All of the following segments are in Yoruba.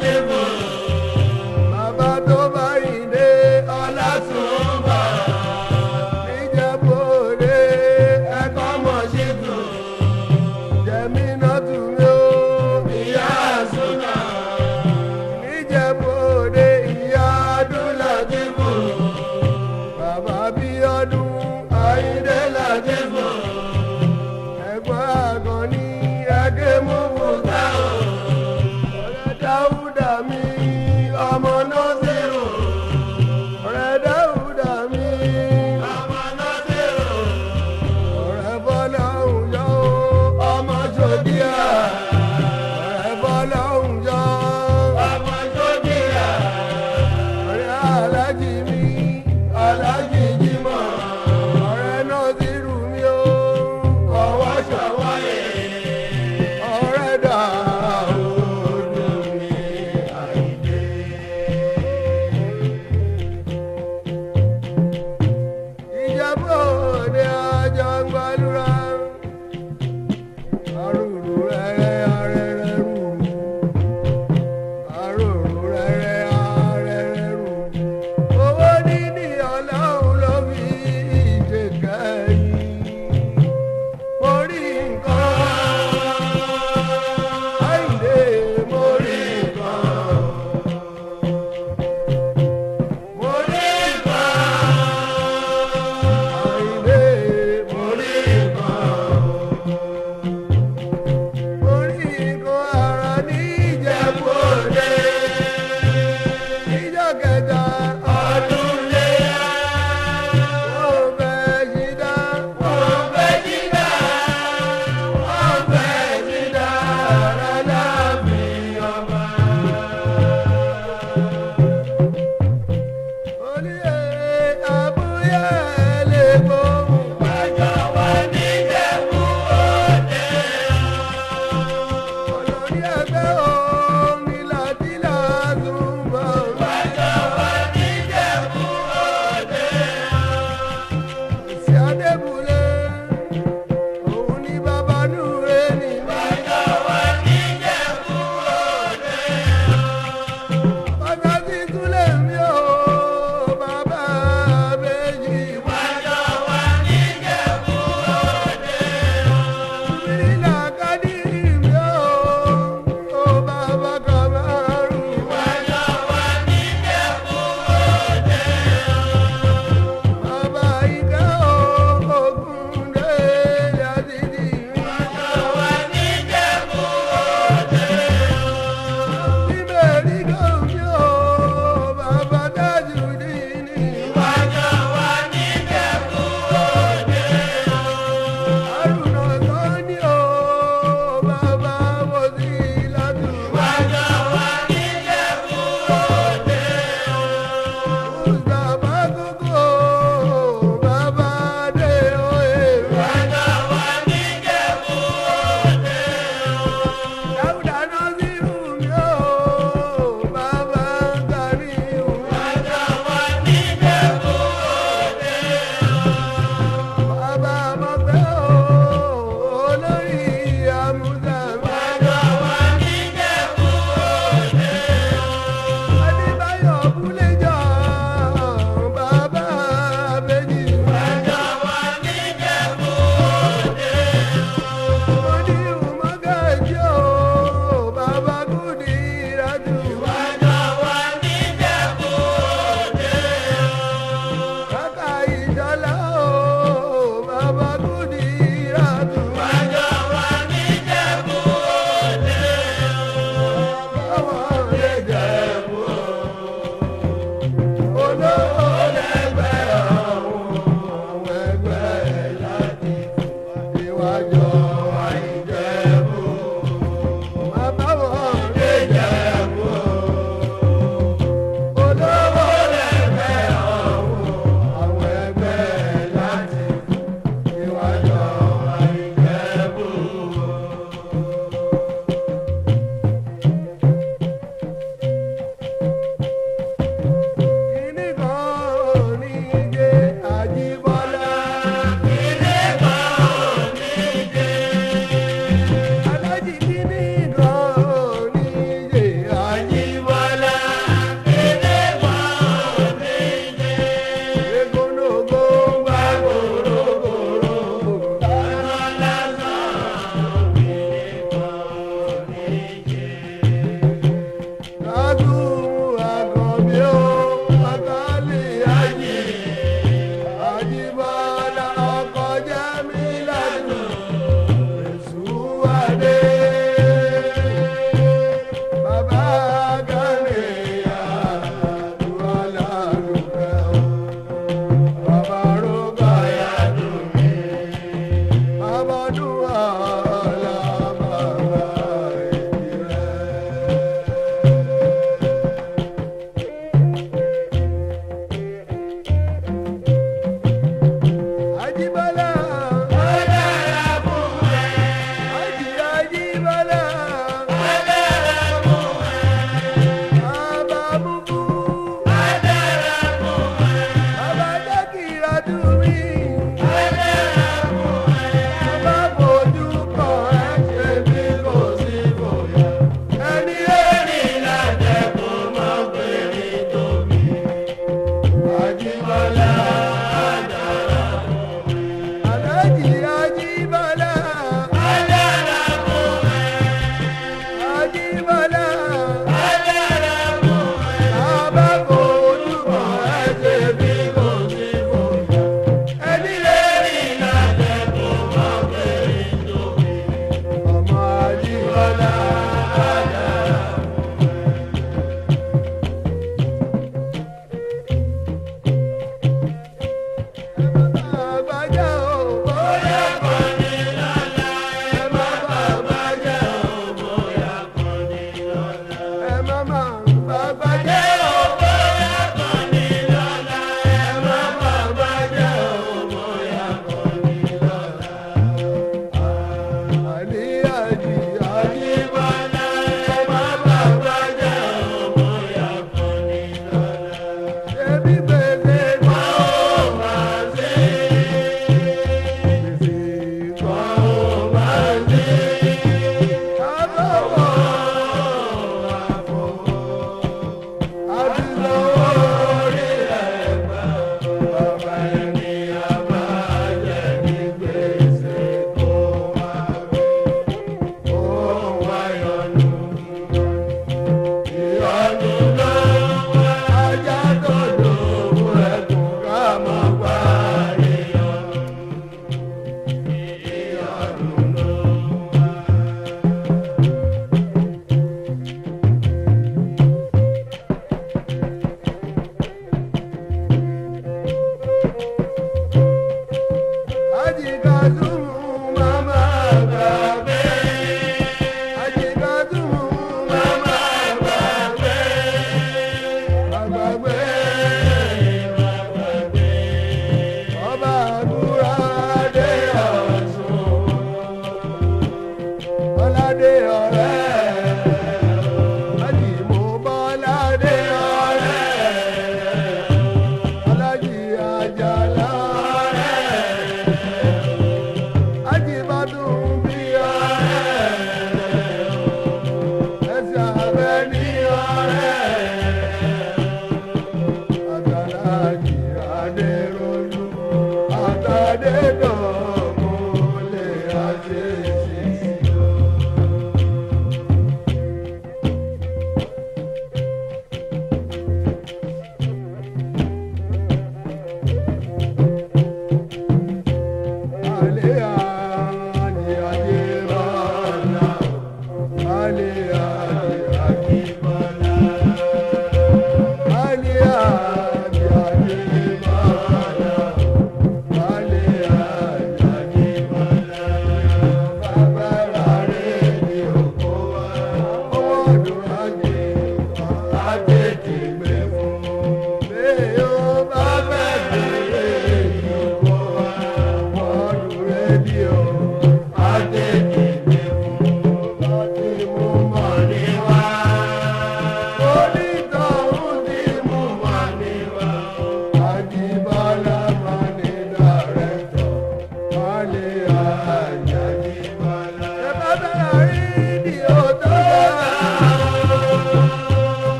Devil.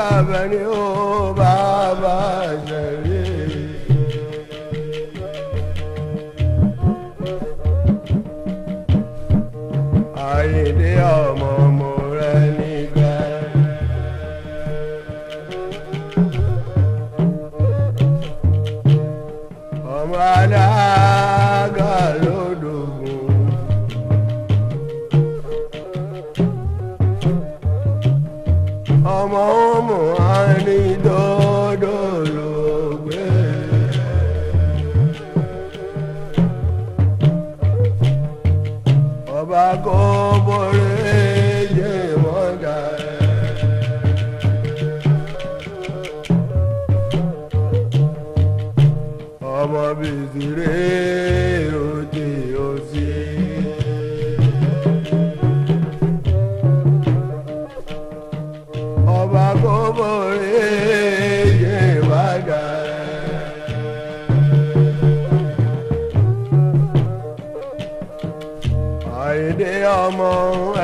da beni o come on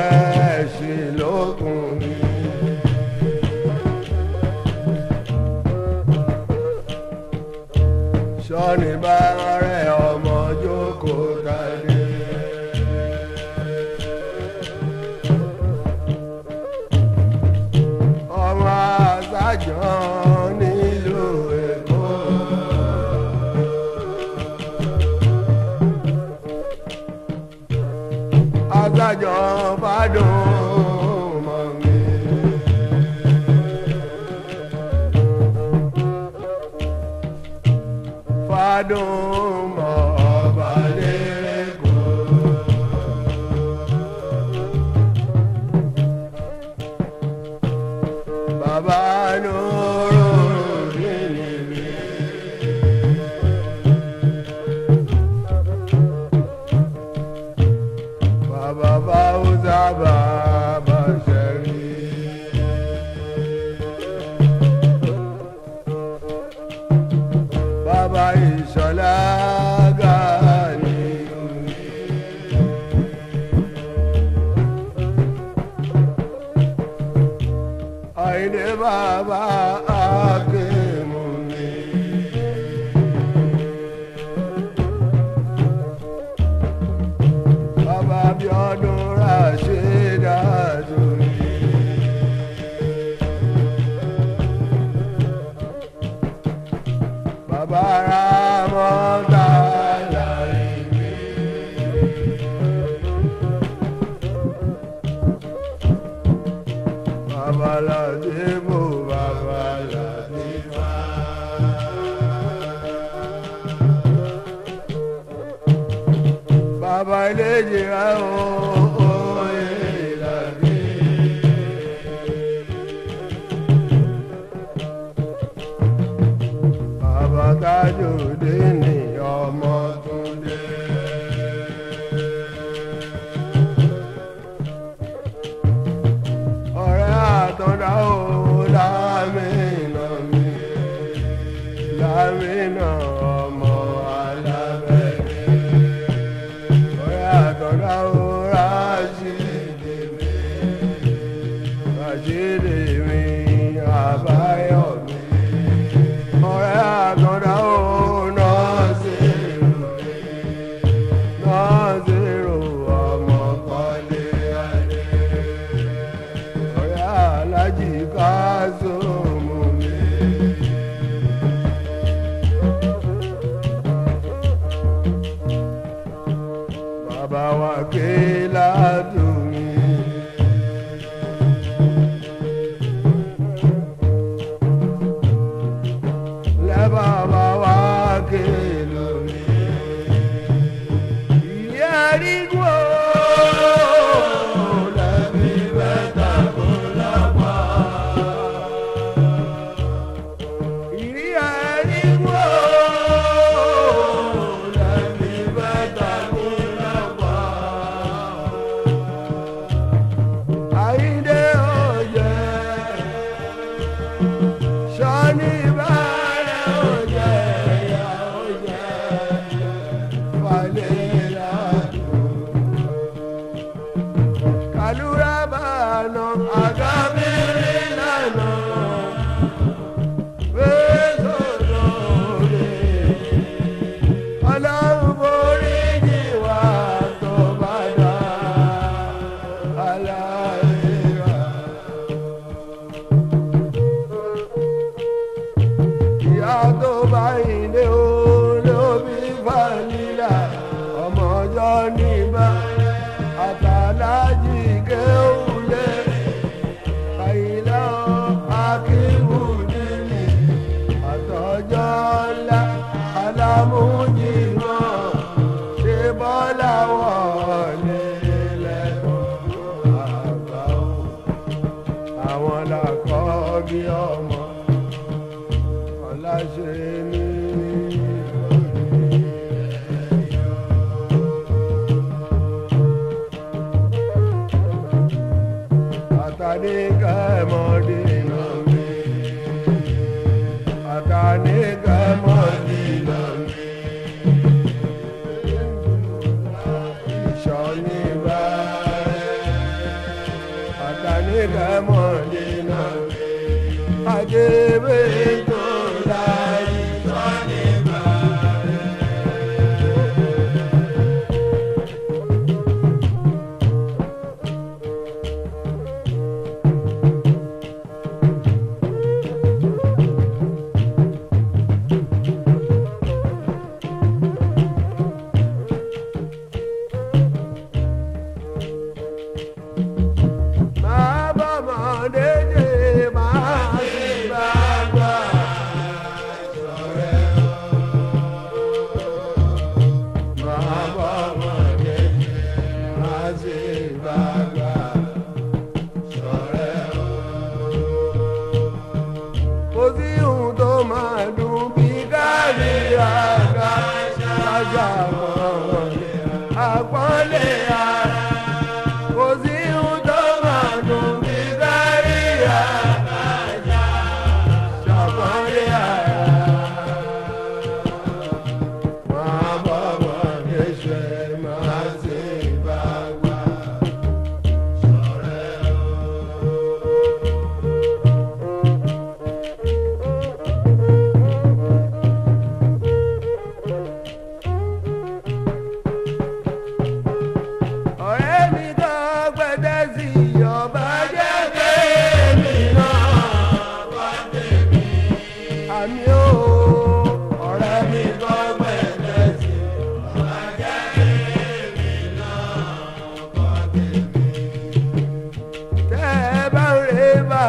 day and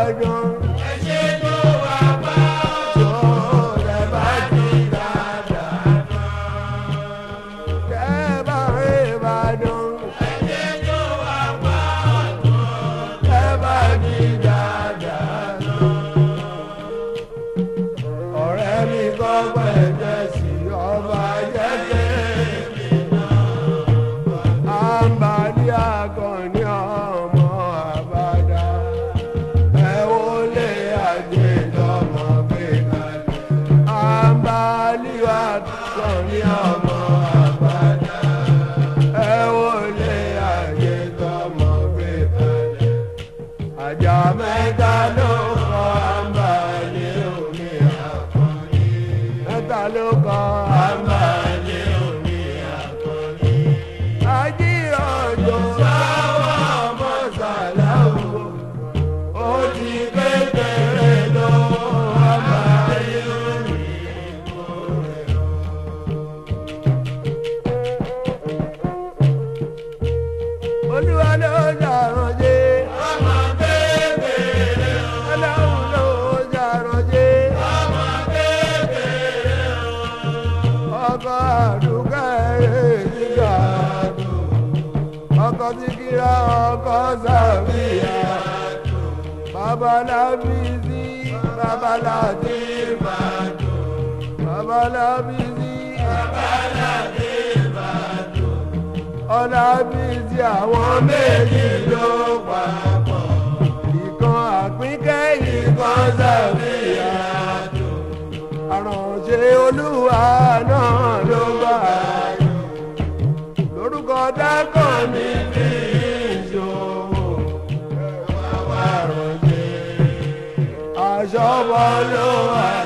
I go. ọlábísí àwọn méjì ló papọ̀. ìkan àpínkẹ́ ìkan sàfihàn tó. àrànṣe olúwa náà ló bá a lò. lórúkọ dákàn mi fi ìṣòwò wá wá àṣọ bọ́ ló wà.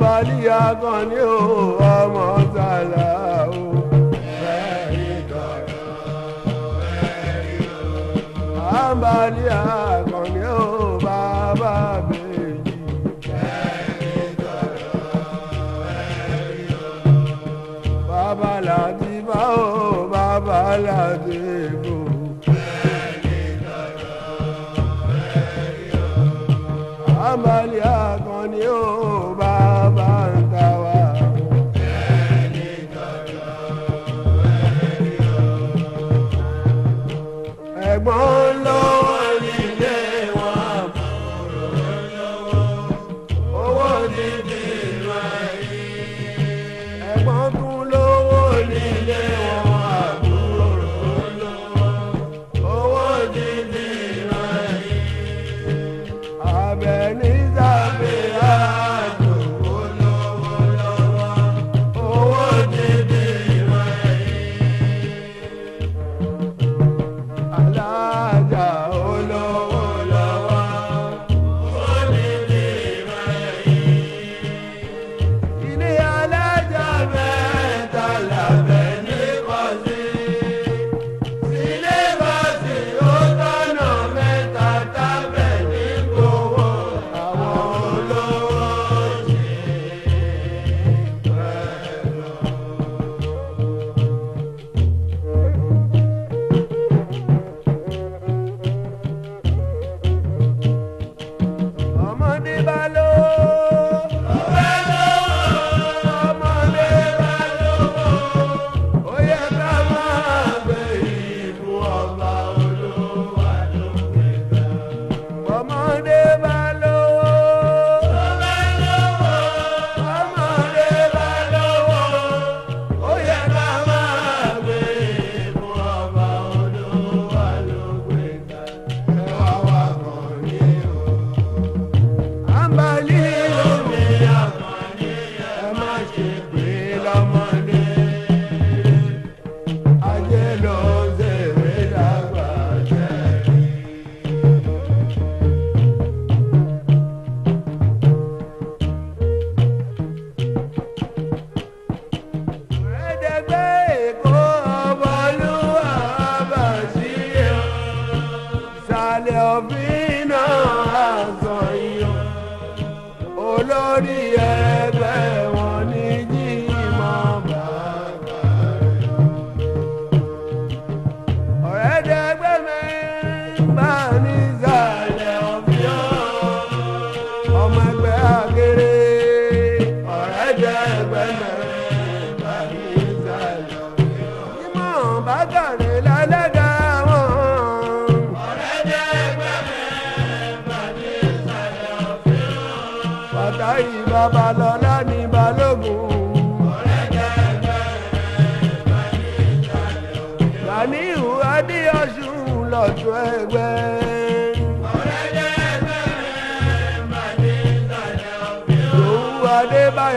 bàǹbálì akànnì o ọmọ tààlà o. ẹ̀rí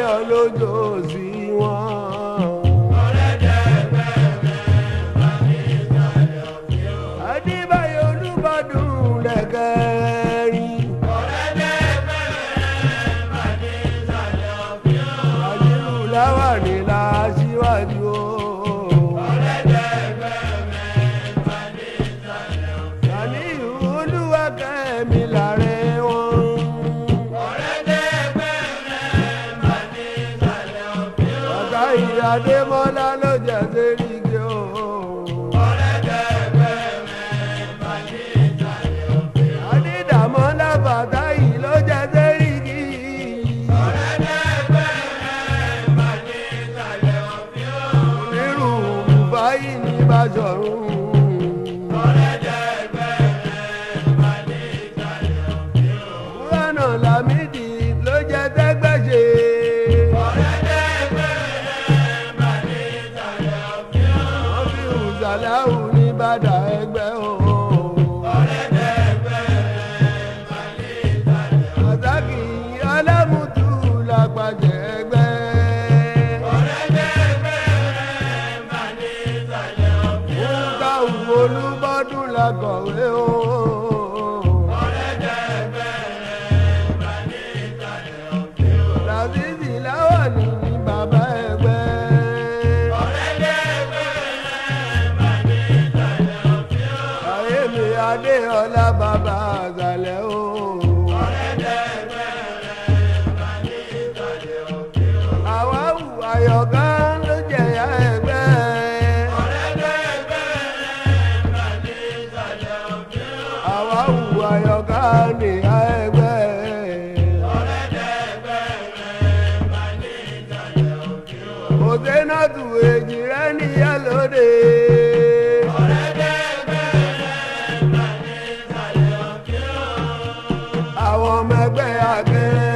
láyọ̀ lójó. aláwù ní bàdà ẹgbẹ́. आगे